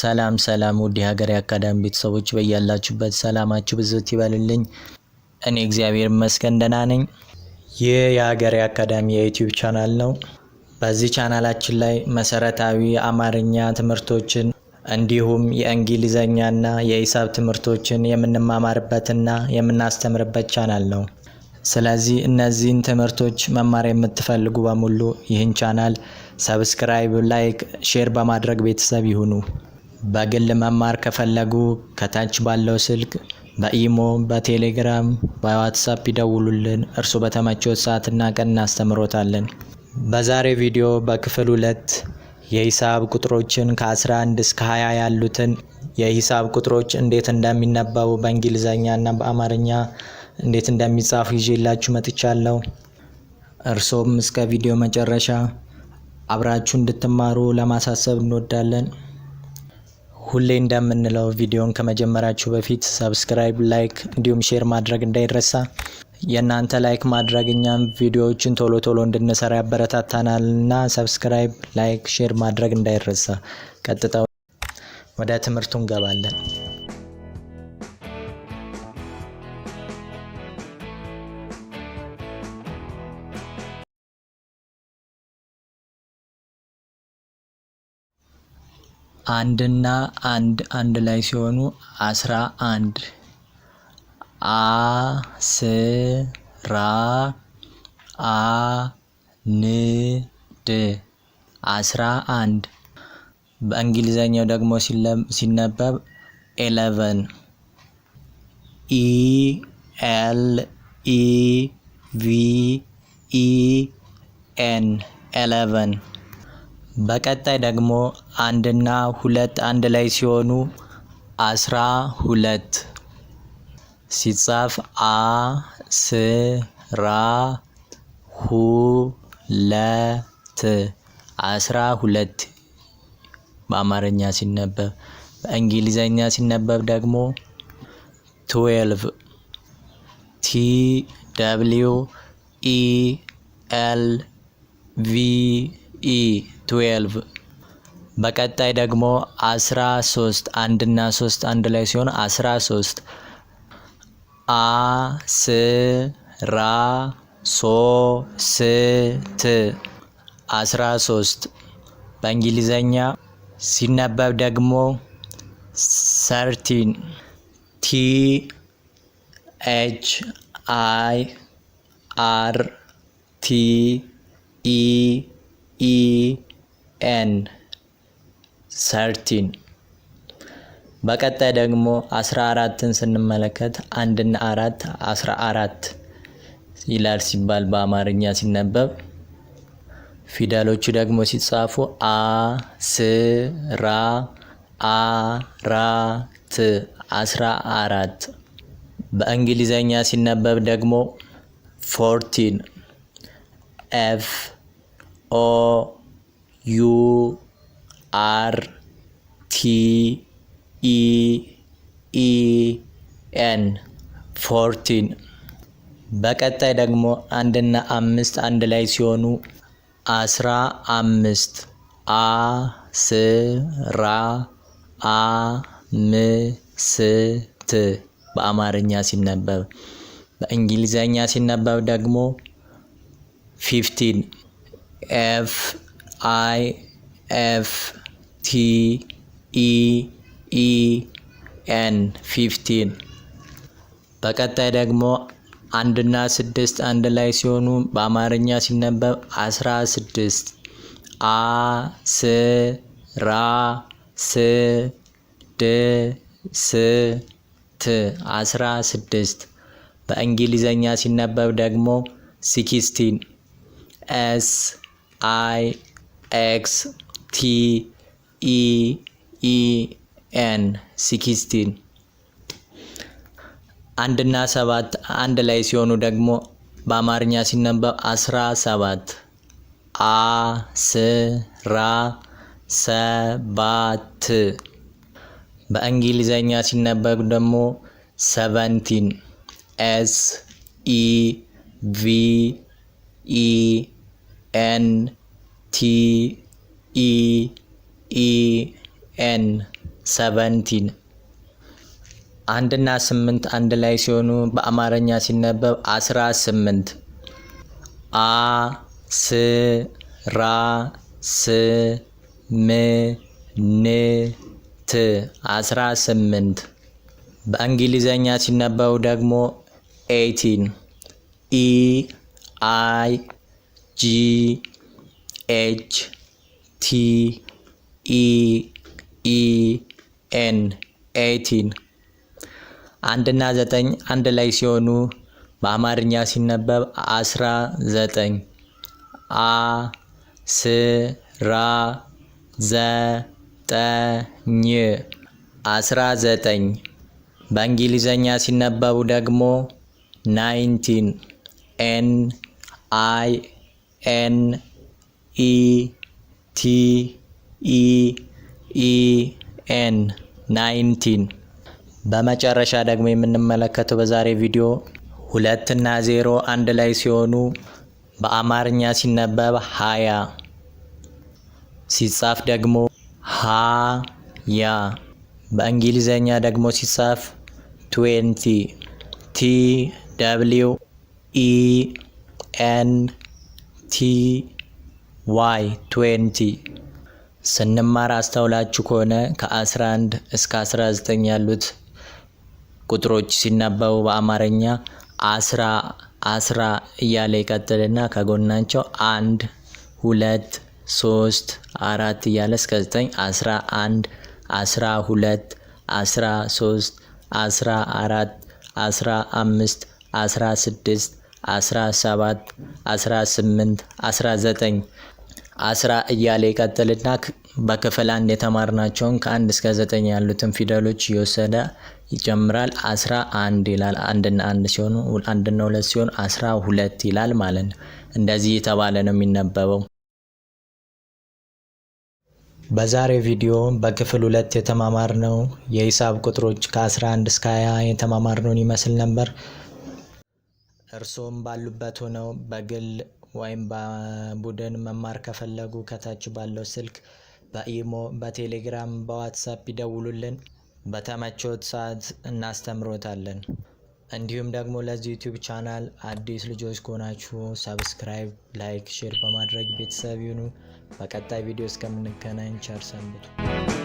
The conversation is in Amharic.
ሰላም ሰላም ውድ የሀገሬ አካዳሚ ቤተሰቦች በያላችሁበት ሰላማችሁ ብዝት ይበልልኝ። እኔ እግዚአብሔር ይመስገን ደህና ነኝ። ይህ የሀገር አካዳሚ የዩቲዩብ ቻናል ነው። በዚህ ቻናላችን ላይ መሰረታዊ የአማርኛ ትምህርቶችን እንዲሁም የእንግሊዘኛና የሂሳብ ትምህርቶችን የምንማማርበትና የምናስተምርበት ቻናል ነው። ስለዚህ እነዚህን ትምህርቶች መማር የምትፈልጉ በሙሉ ይህን ቻናል ሰብስክራይብ፣ ላይክ፣ ሼር በማድረግ ቤተሰብ ይሁኑ። በግል መማር ከፈለጉ ከታች ባለው ስልክ በኢሞ በቴሌግራም በዋትሳፕ ይደውሉልን። እርሱ በተመቾት ሰዓትና ቀን እናስተምሮታለን። በዛሬ ቪዲዮ በክፍል ሁለት የሂሳብ ቁጥሮችን ከ11 እስከ 20 ያሉትን የሂሳብ ቁጥሮች እንዴት እንደሚነበቡ በእንግሊዝኛ እና በአማርኛ እንዴት እንደሚጻፉ ይዤላችሁ መጥቻለሁ። እርሶም እስከ ቪዲዮ መጨረሻ አብራችሁ እንድትማሩ ለማሳሰብ እንወዳለን። ሁሌ እንደምንለው ቪዲዮን ከመጀመራችሁ በፊት ሰብስክራይብ፣ ላይክ እንዲሁም ሼር ማድረግ እንዳይረሳ። የእናንተ ላይክ ማድረግ እኛም ቪዲዮዎችን ቶሎ ቶሎ እንድንሰራ ያበረታታናል እና ሰብስክራይብ፣ ላይክ፣ ሼር ማድረግ እንዳይረሳ። ቀጥታ ወደ ትምህርቱ እንገባለን። አንድና አንድ አንድ ላይ ሲሆኑ አስራ አንድ አስራ አንድ አስራ አንድ በእንግሊዘኛው ደግሞ ሲነበብ ኤለቨን ኢ ኤል ኢ ቪ ኢ ኤን ኤለቨን በቀጣይ ደግሞ አንድና ሁለት አንድ ላይ ሲሆኑ አስራ ሁለት ሲጻፍ አ ስ ራ ሁ ለ ት አስራ ሁለት በአማርኛ ሲነበብ በእንግሊዘኛ ሲነበብ ደግሞ ትዌልቭ ቲ ደብሊው ኢ ኤል ቪ ኢ ትዌልቭ በቀጣይ ደግሞ አስራ ሶስት አንድና ሶስት አንድ ላይ ሲሆን አስራ ሶስት አስራ ሶስት አስራ ሶስት በእንግሊዘኛ ሲነበብ ደግሞ ሰርቲን ቲ ኤች አይ አር ቲ ኢ ኢ ኤን ሰርቲን በቀጣይ ደግሞ አስራ አራትን ስንመለከት አንድና አራት አስራ አራት ይላል ሲባል በአማርኛ ሲነበብ ፊደሎቹ ደግሞ ሲጻፉ አ ስራ አራት አስራ አራት በእንግሊዘኛ ሲነበብ ደግሞ ፎርቲን ኤፍ ኦ ዩ አር ቲ ኢ ኤን ፎርቲን። በቀጣይ ደግሞ አንድና አምስት አንድ ላይ ሲሆኑ አስራ አምስት አስራ አምስት በአማርኛ ሲነበብ፣ በእንግሊዘኛ ሲነበብ ደግሞ ፊፍቲን ኤፍ አይ ኤፍ ቲ ኢ ኢ ኤን ፊፍቲን። በቀጣይ ደግሞ አንድና ስድስት አንድ ላይ ሲሆኑ በአማርኛ ሲነበብ አስራ ስድስት አ ስ ራ ስ ድ ስ ት አስራ ስድስት። በእንግሊዘኛ ሲነበብ ደግሞ ሲክስቲን ኤስ አይ X T E E ኤን ሲክስቲን አንድና ሰባት አንድ ላይ ሲሆኑ ደግሞ በአማርኛ ሲነበብ አስራ ሰባት አ ስራ ሰባት በእንግሊዘኛ ሲነበብ ደግሞ ሰቨንቲን ኤስ ኢ ቪ ኢ ኤን ቲ ኢ ሰቨንቲን አንድና ስምንት አንድ ላይ ሲሆኑ በአማርኛ ሲነበብ አስራ ስምንት አ ስ ራ ስ ም ን ት አስራ ስምንት በእንግሊዘኛ ሲነበቡ ደግሞ ኤይቲን ኢ አይ ጂ ኤች ቲ ኢ ኢ ኤን ኤቲን አንድና ዘጠኝ አንድ ላይ ሲሆኑ በአማርኛ ሲነበብ አስራ ዘጠኝ አ ስራ ዘጠኝ አስራ ዘጠኝ በእንግሊዘኛ ሲነበቡ ደግሞ ናይንቲን ኤን አይ ኤን ቲ ኢ ኢ ኤን ናይንቲን በመጨረሻ ደግሞ የምንመለከተው በዛሬ ቪዲዮ ሁለት እና ዜሮ አንድ ላይ ሲሆኑ በአማርኛ ሲነበብ ሀያ ሲጻፍ ደግሞ ሀያ በእንግሊዘኛ ደግሞ ሲጻፍ ትዌንቲ ቲ ደብሊው ኢ ኤን ቲ ዋይ 20 ስንማር አስተውላችሁ ከሆነ ከ11 እስከ 19 ያሉት ቁጥሮች ሲነበቡ በአማርኛ አስራ አስራ እያለ ይቀጥልና ከጎናቸው አንድ ሁለት ሶስት አራት እያለ እስከ ዘጠኝ አስራ አንድ አስራ ሁለት አስራ ሶስት አስራ አራት አስራ አምስት አስራ ስድስት አስራ ሰባት አስራ ስምንት አስራ ዘጠኝ አስራ እያለ ይቀጥልና በክፍል አንድ የተማርናቸውን ከአንድ እስከ ዘጠኝ ያሉትን ፊደሎች እየወሰደ ይጀምራል። አስራ አንድ ይላል። አንድና አንድ ሲሆኑ አንድና ሁለት ሲሆኑ አስራ ሁለት ይላል ማለት ነው። እንደዚህ የተባለ ነው የሚነበበው። በዛሬ ቪዲዮ በክፍል ሁለት የተማማርነው የሂሳብ ቁጥሮች ከ11 እስከ 20 የተማማርነውን ይመስል ነበር። እርስዎም ባሉበት ሆነው በግል ወይም በቡድን መማር ከፈለጉ ከታች ባለው ስልክ በኢሞ፣ በቴሌግራም፣ በዋትሳፕ ይደውሉልን። በተመቾት ሰዓት እናስተምሮታለን። እንዲሁም ደግሞ ለዚህ ዩቲዩብ ቻናል አዲስ ልጆች ከሆናችሁ ሰብስክራይብ፣ ላይክ፣ ሼር በማድረግ ቤተሰብ ይሁኑ። በቀጣይ ቪዲዮ እስከምንገናኝ ቸር ሰንብቱ።